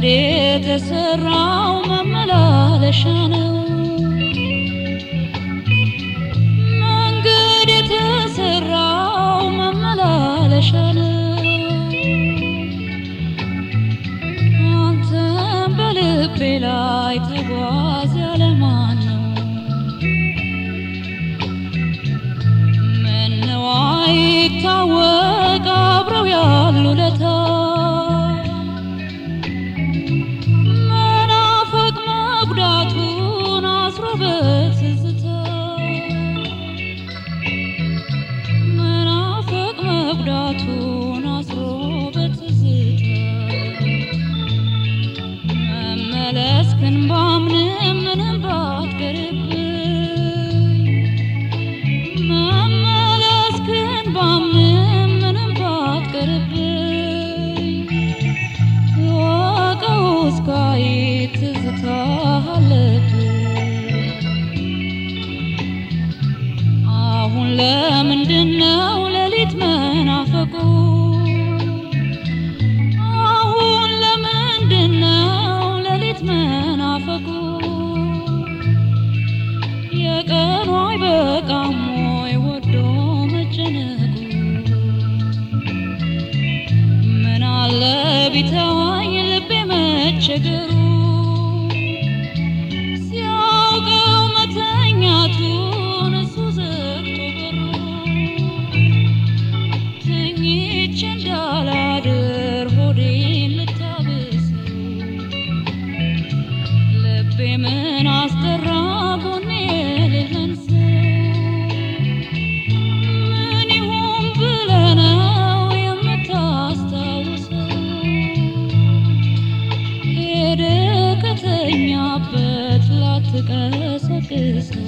ከበሬ የተሰራው መመላለሻ ነው። መንገድ የተሰራው መመላለሻ ነው። ሳልድ አሁን ለምንድን ነው ሌሊት መናፈቁ? አሁን ለምንድን ነው ሌሊት መናፈቁ? የቀኑ አይበቃም ወይ ወዶ መጨነቁ? ምን አለ ቢተወኝ ልቤ መቸገሩ Christmas.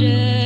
wonder.